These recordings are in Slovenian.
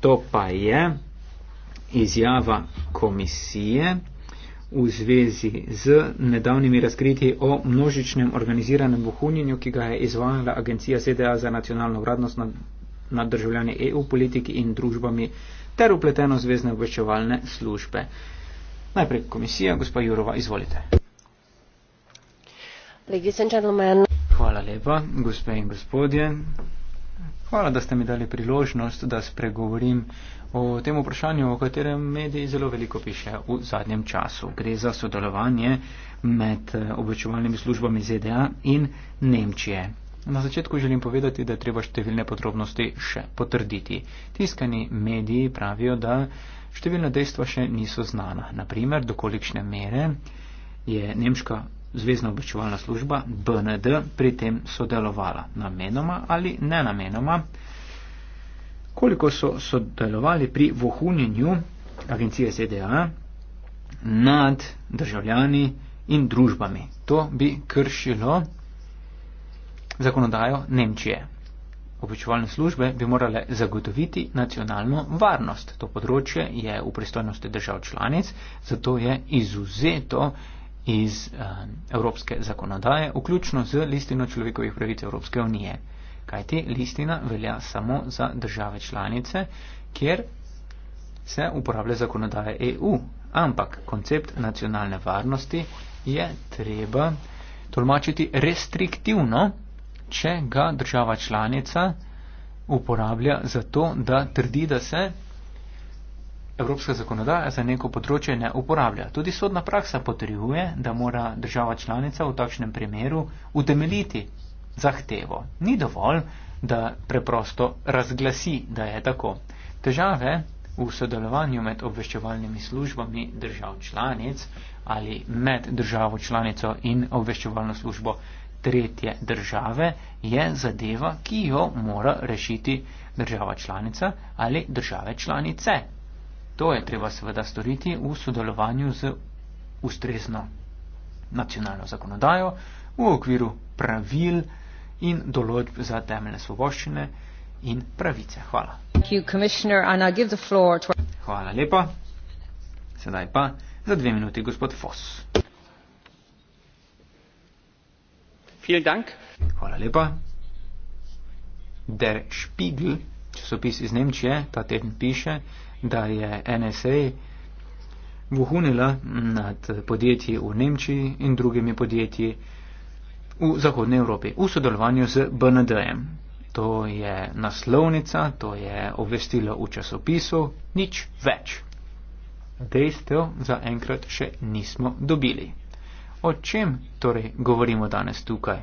to pa je izjava komisije v zvezi z nedavnimi razkritji o množičnem organiziranem vohunjenju, ki ga je izvajala Agencija ZDA za nacionalno vradnost nad, nad državljani EU, politiki in družbami ter upleteno zvezne obveščevalne službe. Najprej komisija, gospa Jurova, izvolite. Hvala lepa, gospe in gospodje. Hvala, da ste mi dali priložnost, da spregovorim o tem vprašanju, o katerem mediji zelo veliko piše v zadnjem času. Gre za sodelovanje med eh, obvečevalnimi službami ZDA in Nemčije. Na začetku želim povedati, da je treba številne podrobnosti še potrditi. Tiskani mediji pravijo, da številna dejstva še niso znana. Naprimer, dokolikšne mere je nemška Zvezdna obveščevalna služba BND pri tem sodelovala namenoma ali ne namenoma. Koliko so sodelovali pri vohunjenju agencije ZDA nad državljani in družbami? To bi kršilo zakonodajo Nemčije. Obveščevalne službe bi morale zagotoviti nacionalno varnost. To področje je v pristojnosti držav članic, zato je izuzeto iz um, evropske zakonodaje, vključno z listino človekovih pravic Evropske unije. Kaj ti listina velja samo za države članice, kjer se uporablja zakonodaje EU. Ampak koncept nacionalne varnosti je treba tolmačiti restriktivno, če ga država članica uporablja za to, da trdi, da se evropska zakonodaja za neko področje ne uporablja. Tudi sodna praksa potrjuje, da mora država članica v takšnem primeru utemeliti zahtevo. Ni dovolj, da preprosto razglasi, da je tako. Težave v sodelovanju med obveščevalnimi službami držav članic ali med državo članico in obveščevalno službo tretje države je zadeva, ki jo mora rešiti država članica ali države članice. To je treba seveda storiti v sodelovanju z ustrezno nacionalno zakonodajo v okviru pravil in določb za temeljne svoboščine in pravice. Hvala. You, Hvala lepa. Sedaj pa za dve minuti gospod Foss. Hvala lepa. Der Spiegel, časopis iz Nemčije, ta teden piše, da je NSA vohunila nad podjetji v Nemčiji in drugimi podjetji v Zahodnji Evropi v sodelovanju z BND-jem. To je naslovnica, to je obvestilo v časopisu, nič več. Dejstev za enkrat še nismo dobili. O čem torej govorimo danes tukaj?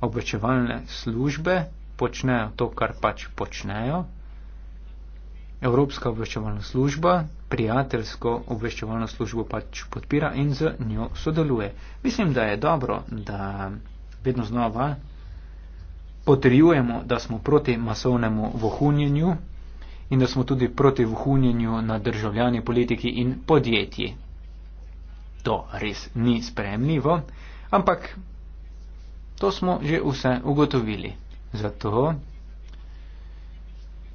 Obvečevalne službe počnejo to, kar pač počnejo, Evropska obveščevalna služba prijateljsko obveščevalno službo pač podpira in z njo sodeluje. Mislim, da je dobro, da vedno znova potrjujemo, da smo proti masovnemu vohunjenju in da smo tudi proti vohunjenju na državljani politiki in podjetji. To res ni spremljivo, ampak to smo že vse ugotovili. Zato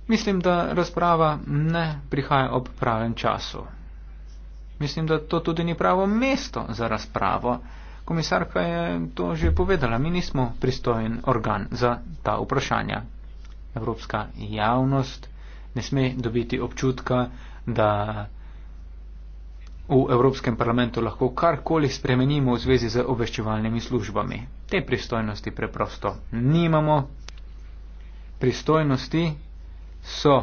Mislim, da razprava ne prihaja ob pravem času. Mislim, da to tudi ni pravo mesto za razpravo. Komisarka je to že povedala, mi nismo pristojen organ za ta vprašanja. Evropska javnost ne sme dobiti občutka, da v Evropskem parlamentu lahko karkoli spremenimo v zvezi z obveščevalnimi službami. Te pristojnosti preprosto nimamo. Pristojnosti so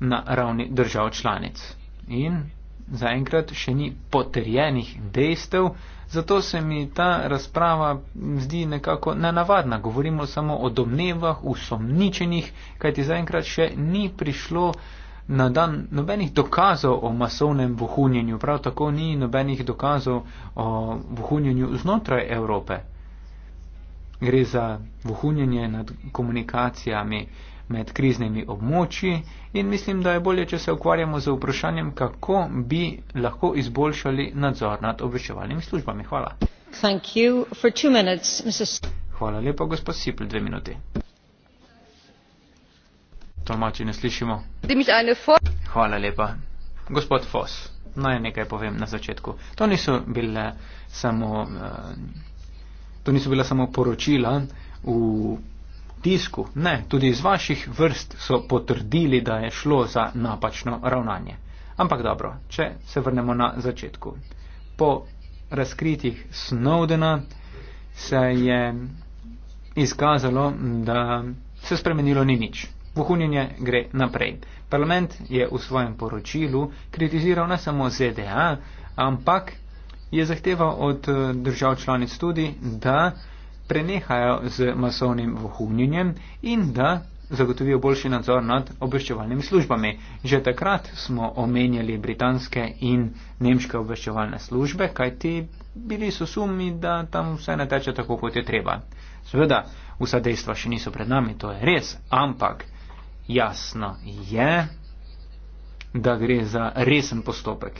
na ravni držav članic. In zaenkrat še ni potrjenih dejstev, zato se mi ta razprava zdi nekako nenavadna. Govorimo samo o domnevah, usomničenih, kajti zaenkrat še ni prišlo na dan nobenih dokazov o masovnem vohunjenju, prav tako ni nobenih dokazov o vohunjenju znotraj Evrope. Gre za vohunjenje nad komunikacijami, med kriznimi območji in mislim, da je bolje, če se ukvarjamo z vprašanjem, kako bi lahko izboljšali nadzor nad obveščevalnimi službami. Hvala. Minutes, Hvala lepa, gospod Sipl, dve minuti. Tolmači ne slišimo. Hvala lepa. Gospod Fos, naj nekaj povem na začetku. To niso, bile samo, eh, to niso bila samo poročila v tisku, ne, tudi iz vaših vrst so potrdili, da je šlo za napačno ravnanje. Ampak dobro, če se vrnemo na začetku. Po razkritjih Snowdena se je izkazalo, da se spremenilo ni nič. Vohunjenje gre naprej. Parlament je v svojem poročilu kritiziral ne samo ZDA, ampak je zahteval od eh, držav članic tudi, da prenehajo z masovnim vohunjenjem in da zagotovijo boljši nadzor nad obveščevalnimi službami. Že takrat smo omenjali britanske in nemške obveščevalne službe, kajti bili so sumi, da tam vse ne teče tako, kot je treba. Seveda, vsa dejstva še niso pred nami, to je res, ampak jasno je, da gre za resen postopek.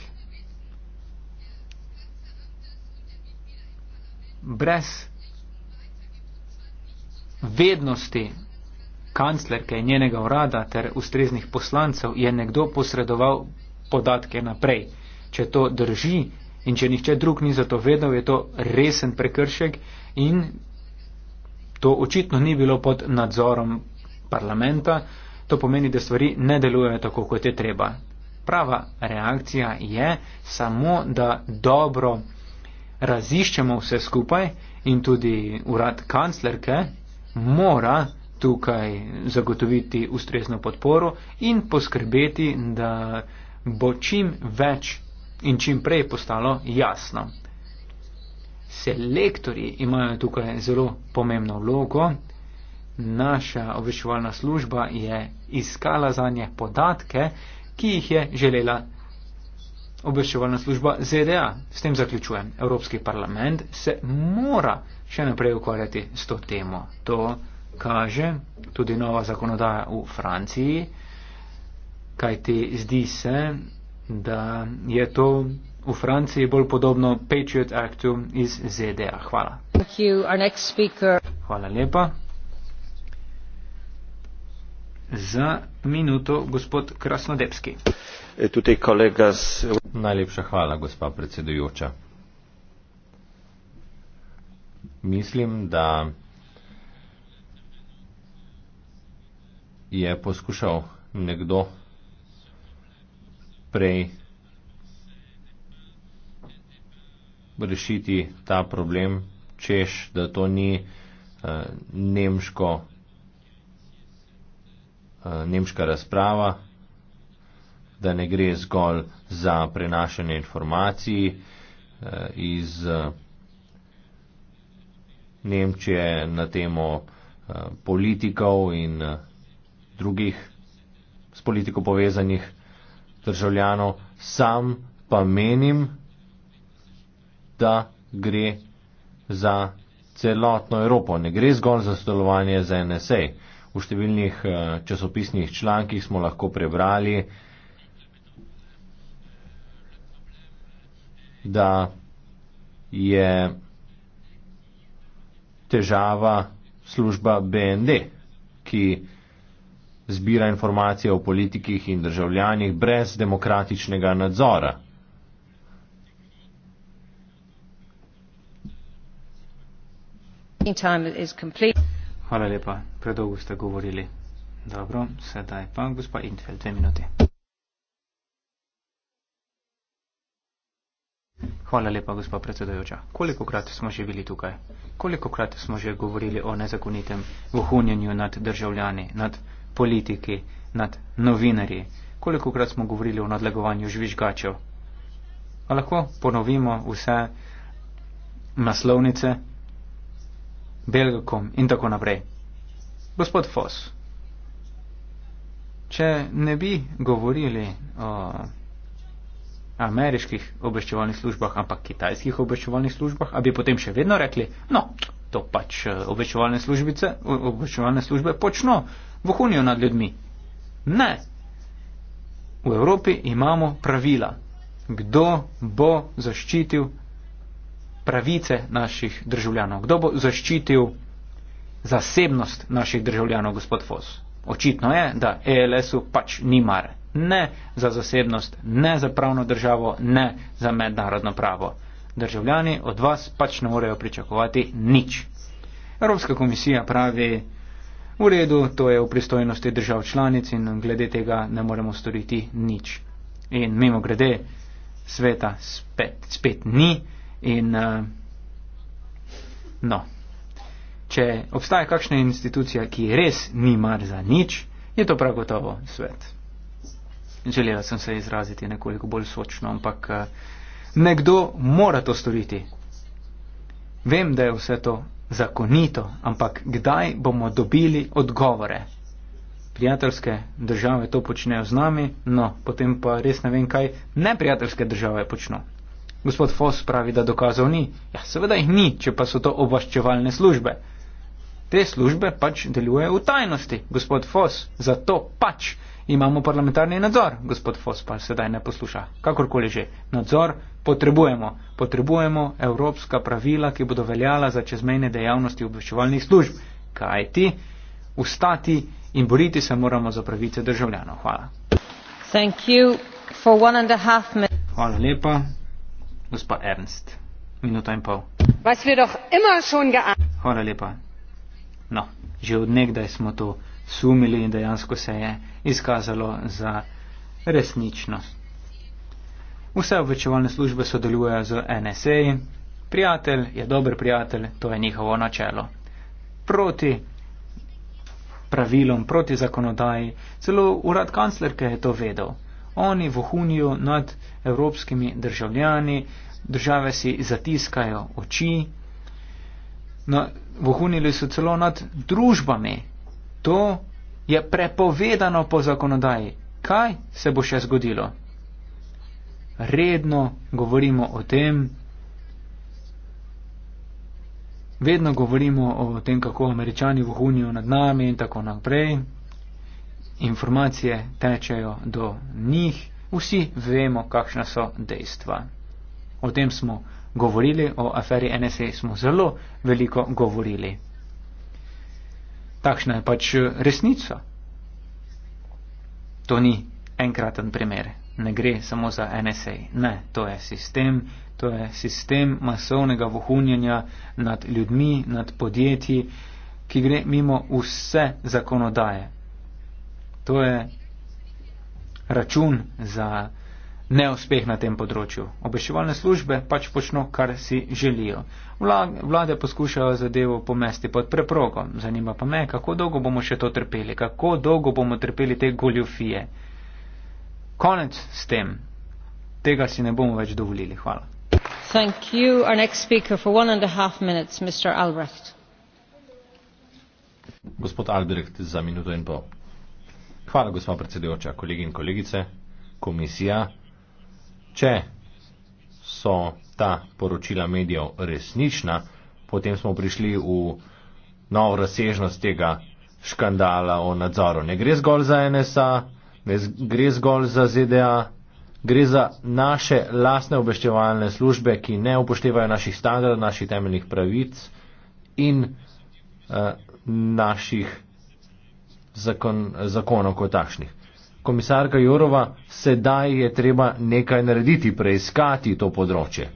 Brez vednosti kanclerke in njenega urada ter ustreznih poslancev je nekdo posredoval podatke naprej. Če to drži in če nihče drug ni za to vedel, je to resen prekršek in to očitno ni bilo pod nadzorom parlamenta. To pomeni, da stvari ne delujejo tako, kot je treba. Prava reakcija je samo, da dobro raziščemo vse skupaj in tudi urad kanclerke, mora tukaj zagotoviti ustrezno podporo in poskrbeti, da bo čim več in čim prej postalo jasno. Selektori imajo tukaj zelo pomembno vlogo. Naša obveščevalna služba je iskala za nje podatke, ki jih je želela obveščevalna služba ZDA. S tem zaključujem. Evropski parlament se mora še naprej ukvarjati s to temo. To kaže tudi nova zakonodaja v Franciji, kajti zdi se, da je to v Franciji bolj podobno Patriot Actu iz ZDA. Hvala. Hvala lepa. Za minuto gospod Krasnodebski. E, tudi kolega z. Najlepša hvala, gospa predsedujoča. Mislim, da je poskušal nekdo prej rešiti ta problem, češ, da to ni uh, nemško Eh, nemška razprava, da ne gre zgolj za prenašanje informacij eh, iz eh, Nemčije na temo politikov in drugih s politiko povezanih državljanov. Sam pa menim, da gre za celotno Evropo, ne gre zgolj za sodelovanje z NSA v številnih eh, časopisnih člankih smo lahko prebrali, da je težava služba BND, ki zbira informacije o politikih in državljanih brez demokratičnega nadzora. time is complete. Hvala lepa, predolgo ste govorili. Dobro, sedaj pa gospa Intfel, dve minuti. Hvala lepa, gospa predsedojoča. Kolikokrat smo že bili tukaj? Kolikokrat smo že govorili o nezakonitem vohunjenju nad državljani, nad politiki, nad novinarji? Kolikokrat smo govorili o nadlegovanju žvižgačev? A lahko ponovimo vse naslovnice, Belgikom in tako naprej. Gospod Foss, če ne bi govorili o ameriških obveščevalnih službah, ampak kitajskih obveščevalnih službah, a bi potem še vedno rekli, no, to pač eh, obveščevalne, službice, obveščevalne službe počno, vohunijo nad ljudmi. Ne. V Evropi imamo pravila, kdo bo zaščitil pravice naših državljanov? Kdo bo zaščitil zasebnost naših državljanov, gospod Fos? Očitno je, da ELS-u pač ni mar. Ne za zasebnost, ne za pravno državo, ne za mednarodno pravo. Državljani od vas pač ne morejo pričakovati nič. Evropska komisija pravi, v redu, to je v pristojnosti držav članic in glede tega ne moremo storiti nič. In mimo grede, sveta spet, spet ni. In, uh, no. Če obstaja kakšna institucija, ki res ni mar za nič, je to prav gotovo svet. Želela sem se izraziti nekoliko bolj sočno, ampak uh, nekdo mora to storiti. Vem, da je vse to zakonito, ampak kdaj bomo dobili odgovore? Prijateljske države to počnejo z nami, no, potem pa res ne vem, kaj neprijateljske države počnejo. Gospod Foss pravi, da dokazov ni. Ja, seveda jih ni, če pa so to obvaščevalne službe. Te službe pač delujejo v tajnosti, gospod Foss, zato pač imamo parlamentarni nadzor, gospod Foss pa sedaj ne posluša. Kakorkoli že, nadzor potrebujemo. Potrebujemo evropska pravila, ki bodo veljala za čezmejne dejavnosti obveščevalnih služb. Kaj ti? Ustati in boriti se moramo za pravice državljanov. Hvala. Hvala lepa gospa Ernst. Minuto in pol. Hvala lepa. No, že od nekdaj smo to sumili in dejansko se je izkazalo za resničnost. Vse obvečevalne službe sodelujejo z NSA. Prijatelj je dober prijatelj, to je njihovo načelo. Proti pravilom, proti zakonodaji, celo urad kanclerke je to vedel. Oni vohunijo nad evropskimi državljani, države si zatiskajo oči, no, vohunili so celo nad družbami. To je prepovedano po zakonodaji. Kaj se bo še zgodilo? Redno govorimo o tem, vedno govorimo o tem, kako američani vohunijo nad nami in tako naprej informacije tečejo do njih, vsi vemo, kakšna so dejstva. O tem smo govorili, o aferi NSA smo zelo veliko govorili. Takšna je pač resnica. To ni enkraten primer, ne gre samo za NSA. Ne, to je sistem, to je sistem masovnega vohunjanja nad ljudmi, nad podjetji, ki gre mimo vse zakonodaje, To je račun za neuspeh na tem področju. Obveščevalne službe pač počno, kar si želijo. Vlade poskušajo zadevo pomesti pod preprogo. Zanima pa me, kako dolgo bomo še to trpeli, kako dolgo bomo trpeli te goljufije. Konec s tem. Tega si ne bomo več dovolili. Hvala. Thank you. Our next speaker for one and a half minutes, Mr. Albrecht. Gospod Albrecht, za minuto in pol. Hvala, gospod predsedujoča, kolegi in kolegice, komisija. Če so ta poročila medijev resnična, potem smo prišli v novo razsežnost tega škandala o nadzoru. Ne gre zgolj za NSA, ne gre zgolj za ZDA, gre za naše lasne obveščevalne službe, ki ne upoštevajo naših standardov, naših temeljnih pravic in uh, naših zakon, zakonov kot takšnih. Komisarka Jurova, sedaj je treba nekaj narediti, preiskati to področje.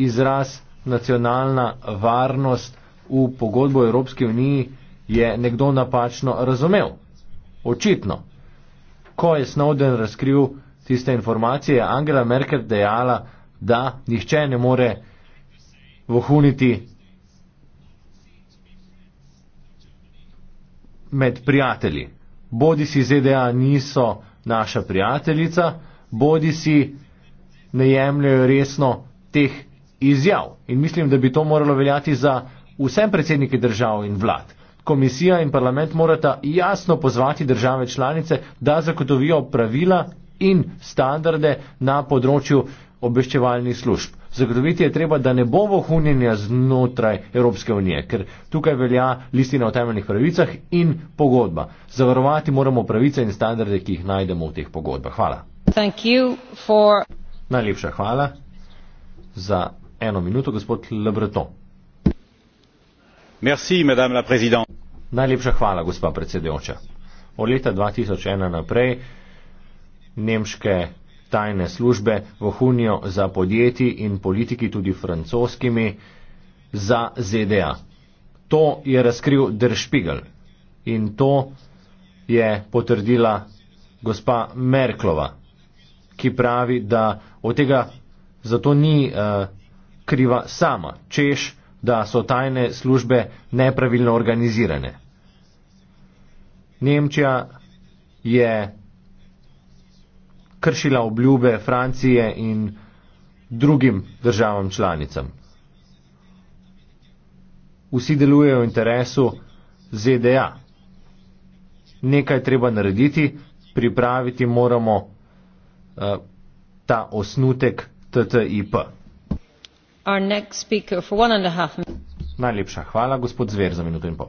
Izraz nacionalna varnost v pogodbo Evropske unije je nekdo napačno razumel. Očitno. Ko je Snowden razkril tiste informacije, je Angela Merkel dejala, da nihče ne more vohuniti med prijatelji. Bodi si ZDA niso naša prijateljica, bodi si ne jemljajo resno teh izjav. In mislim, da bi to moralo veljati za vsem predsednike držav in vlad. Komisija in parlament morata jasno pozvati države članice, da zagotovijo pravila in standarde na področju obveščevalnih služb. Zagotoviti je treba, da ne bo vohunjenja znotraj Evropske unije, ker tukaj velja listina o temeljnih pravicah in pogodba. Zavarovati moramo pravice in standarde, ki jih najdemo v teh pogodbah. Hvala. For... Najlepša hvala za eno minuto, gospod Lebreto. Merci, Najlepša hvala, gospod predsedujoča. Od leta 2001 naprej nemške tajne službe vohunijo za podjetji in politiki tudi francoskimi za ZDA. To je razkril Der Spiegel in to je potrdila gospa Merklova, ki pravi, da od tega zato ni uh, kriva sama, češ, da so tajne službe nepravilno organizirane. Nemčija je kršila obljube Francije in drugim državam članicam. Vsi delujejo v interesu ZDA. Nekaj treba narediti, pripraviti moramo uh, ta osnutek TTIP. Najlepša hvala, gospod Zver, za minuto in pol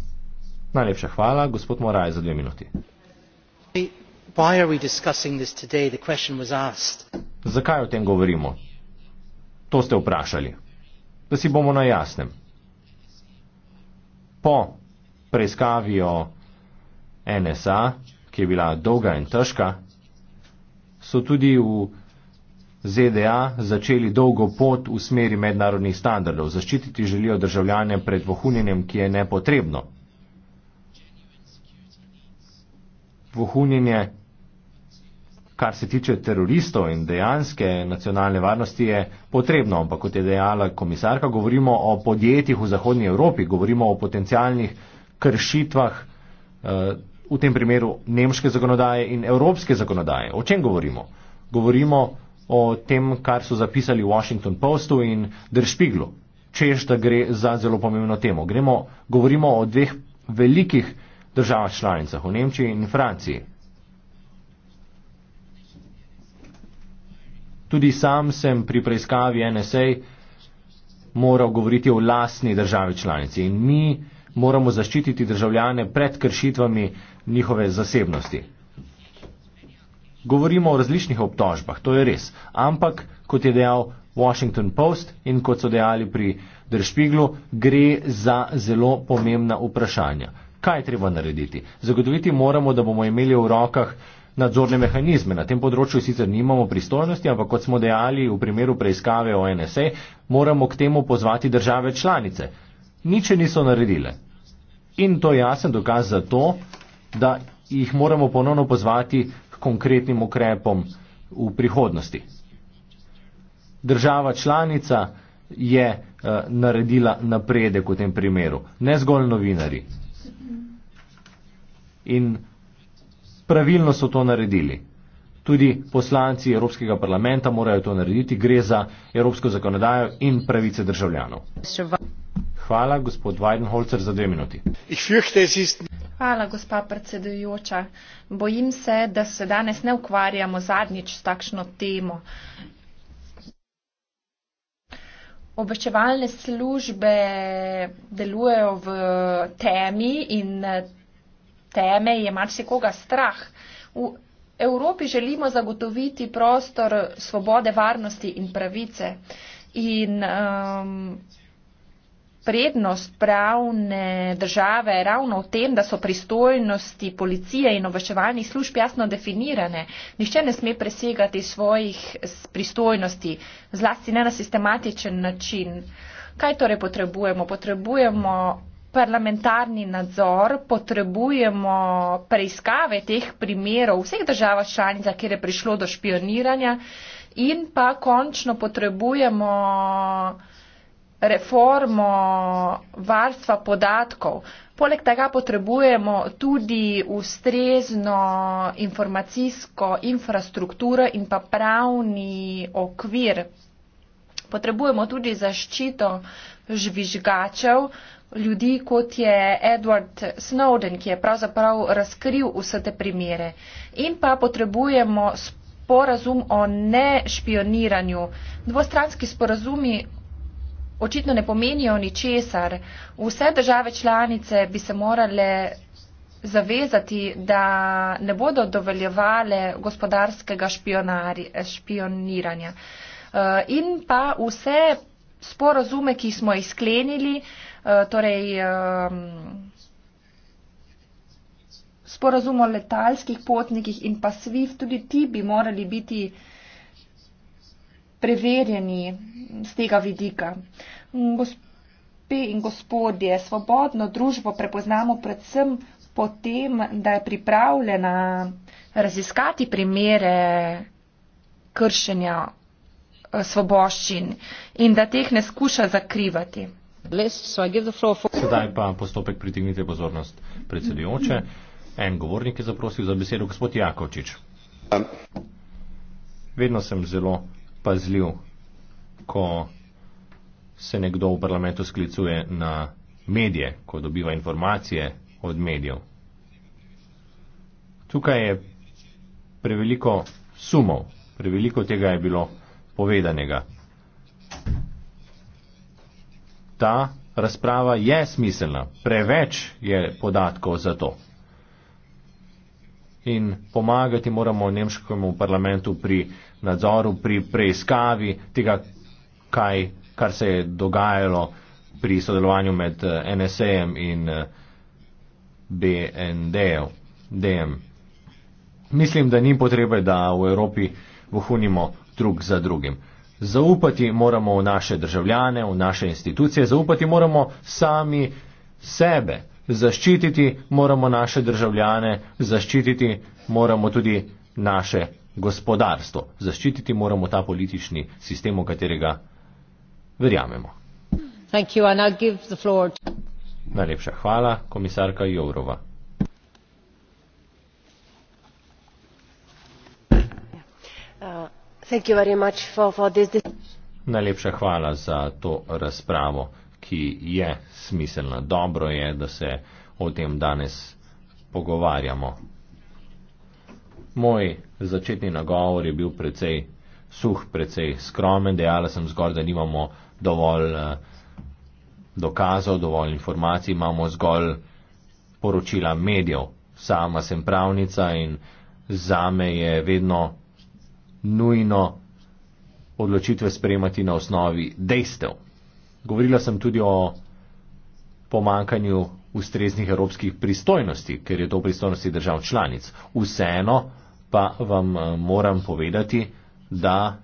Najlepša hvala, gospod Moraj, za dve minuti. Zakaj o tem govorimo? To ste vprašali. Da si bomo na jasnem. Po preiskavi o NSA, ki je bila dolga in težka, so tudi v ZDA začeli dolgo pot v smeri mednarodnih standardov. Zaščititi želijo državljane pred vohunjenjem, ki je nepotrebno. vohunjenje, kar se tiče teroristov in dejanske nacionalne varnosti, je potrebno, ampak kot je dejala komisarka, govorimo o podjetjih v Zahodnji Evropi, govorimo o potencijalnih kršitvah eh, v tem primeru nemške zakonodaje in evropske zakonodaje. O čem govorimo? Govorimo o tem, kar so zapisali v Washington Postu in Der Spiegelu, češ da gre za zelo pomembno temo. Gremo, govorimo o dveh velikih držav članicah, v Nemčiji in Franciji. Tudi sam sem pri preiskavi NSA moral govoriti o lastni državi članici in mi moramo zaščititi državljane pred kršitvami njihove zasebnosti. Govorimo o različnih obtožbah, to je res, ampak kot je dejal Washington Post in kot so dejali pri Dršpiglu, gre za zelo pomembna vprašanja kaj je treba narediti. Zagotoviti moramo, da bomo imeli v rokah nadzorne mehanizme. Na tem področju sicer nimamo pristojnosti, ampak kot smo dejali v primeru preiskave o NSA, e, moramo k temu pozvati države članice. Nič niso naredile. In to je jasen dokaz za to, da jih moramo ponovno pozvati k konkretnim ukrepom v prihodnosti. Država članica je uh, naredila napredek v tem primeru, ne zgolj novinari, in pravilno so to naredili. Tudi poslanci Evropskega parlamenta morajo to narediti, gre za evropsko zakonodajo in pravice državljanov. Hvala, gospod Weidenholzer, za dve minuti. Hvala, gospa predsedujoča. Bojim se, da se danes ne ukvarjamo zadnjič s takšno temo. Obveščevalne službe delujejo v temi in teme je marsikoga strah. V Evropi želimo zagotoviti prostor svobode, varnosti in pravice. In um, prednost pravne države je ravno v tem, da so pristojnosti policije in obveščevalnih služb jasno definirane. Nihče ne sme presegati svojih pristojnosti, zlasti ne na sistematičen način. Kaj torej potrebujemo? Potrebujemo parlamentarni nadzor, potrebujemo preiskave teh primerov v vseh državah članicah, kjer je prišlo do špioniranja in pa končno potrebujemo reformo varstva podatkov. Poleg tega potrebujemo tudi ustrezno informacijsko infrastrukturo in pa pravni okvir. Potrebujemo tudi zaščito žvižgačev, ljudi, kot je Edward Snowden, ki je pravzaprav razkril vse te primere. In pa potrebujemo sporazum o nešpioniranju. Dvostranski sporazumi očitno ne pomenijo ničesar. Vse države članice bi se morale zavezati, da ne bodo dovoljevale gospodarskega špioniranja. Uh, in pa vse sporozume, ki smo jih sklenili, eh, torej sporozum o letalskih potnikih in pa SWIFT, tudi ti bi morali biti preverjeni z tega vidika. Gospe in gospodje, svobodno družbo prepoznamo predvsem potem, da je pripravljena raziskati primere kršenja svoboščin in da teh ne skuša zakrivati. Sedaj pa postopek pritegnite pozornost predsedujoče. En govornik je zaprosil za besedo, gospod Jakovčič. Vedno sem zelo pazljiv, ko se nekdo v parlamentu sklicuje na medije, ko dobiva informacije od medijev. Tukaj je preveliko sumov, preveliko tega je bilo povedanega. Ta razprava je smiselna, preveč je podatkov za to. In pomagati moramo nemškemu parlamentu pri nadzoru, pri preiskavi tega, kaj, kar se je dogajalo pri sodelovanju med eh, NSA-em in eh, BND-em. Mislim, da ni potrebe, da v Evropi vohunimo drug za drugim. Zaupati moramo v naše državljane, v naše institucije, zaupati moramo sami sebe, zaščititi moramo naše državljane, zaščititi moramo tudi naše gospodarstvo, zaščititi moramo ta politični sistem, v katerega verjamemo. Najlepša hvala, komisarka Jourova. Najlepša hvala za to razpravo, ki je smiselna. Dobro je, da se o tem danes pogovarjamo. Moj začetni nagovor je bil precej suh, precej skromen. Dejala sem zgolj, da nimamo dovolj eh, dokazov, dovolj informacij, imamo zgolj poročila medijev. Sama sem pravnica in zame je vedno nujno odločitve sprejemati na osnovi dejstev. Govorila sem tudi o pomankanju ustreznih evropskih pristojnosti, ker je to v pristojnosti držav članic. Vseeno pa vam eh, moram povedati, da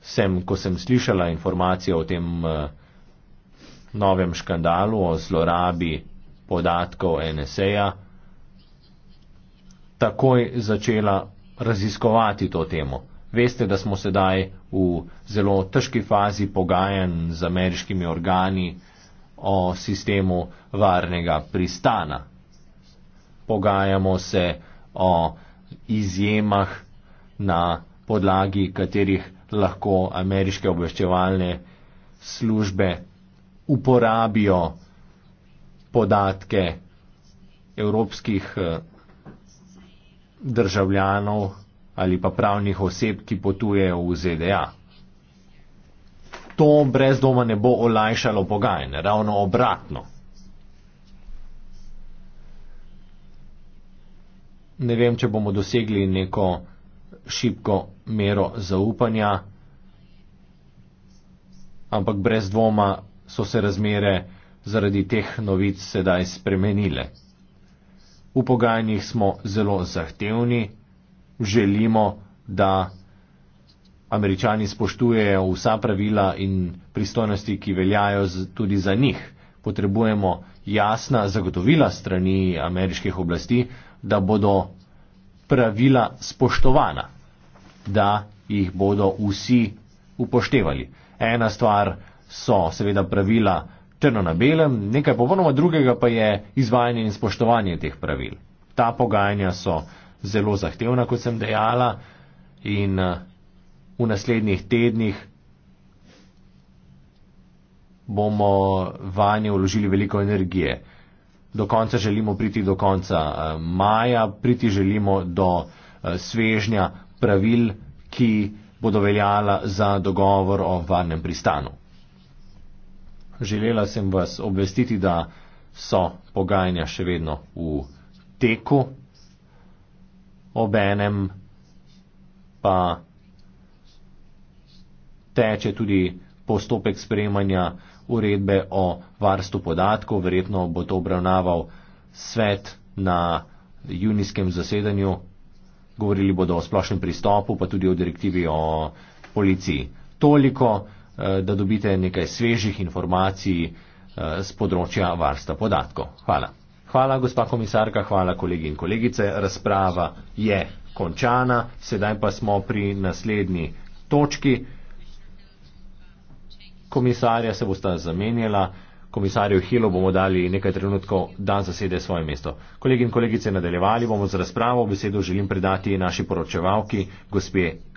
sem, ko sem slišala informacije o tem eh, novem škandalu, o zlorabi podatkov NSA, takoj začela raziskovati to temo. Veste, da smo sedaj v zelo težki fazi pogajanj z ameriškimi organi o sistemu varnega pristana. Pogajamo se o izjemah, na podlagi katerih lahko ameriške obveščevalne službe uporabijo podatke evropskih eh, državljanov ali pa pravnih oseb, ki potujejo v ZDA. To brez doma ne bo olajšalo pogajanj, ravno obratno. Ne vem, če bomo dosegli neko šibko mero zaupanja, ampak brez dvoma so se razmere zaradi teh novic sedaj spremenile v pogajanjih smo zelo zahtevni, želimo, da američani spoštujejo vsa pravila in pristojnosti, ki veljajo tudi za njih. Potrebujemo jasna zagotovila strani ameriških oblasti, da bodo pravila spoštovana, da jih bodo vsi upoštevali. Ena stvar so seveda pravila, črno na belem, nekaj popolnoma drugega pa je izvajanje in spoštovanje teh pravil. Ta pogajanja so zelo zahtevna, kot sem dejala, in eh, v naslednjih tednih bomo vanje vložili veliko energije. Do konca želimo priti do konca eh, maja, priti želimo do eh, svežnja pravil, ki bodo veljala za dogovor o varnem pristanu želela sem vas obvestiti, da so pogajanja še vedno v teku, obenem pa teče tudi postopek sprejemanja uredbe o varstu podatkov, verjetno bo to obravnaval svet na junijskem zasedanju, govorili bodo o splošnem pristopu, pa tudi o direktivi o policiji. Toliko. Eh, da dobite nekaj svežih informacij z eh, področja varsta podatkov. Hvala. Hvala, gospa komisarka, hvala, kolegi in kolegice. Razprava je končana, sedaj pa smo pri naslednji točki. Komisarja se bosta zamenjala, komisarju Hilo bomo dali nekaj trenutkov, da zasede svoje mesto. Kolegi in kolegice, nadaljevali bomo z razpravo, besedo želim predati naši poročevalki, gospe.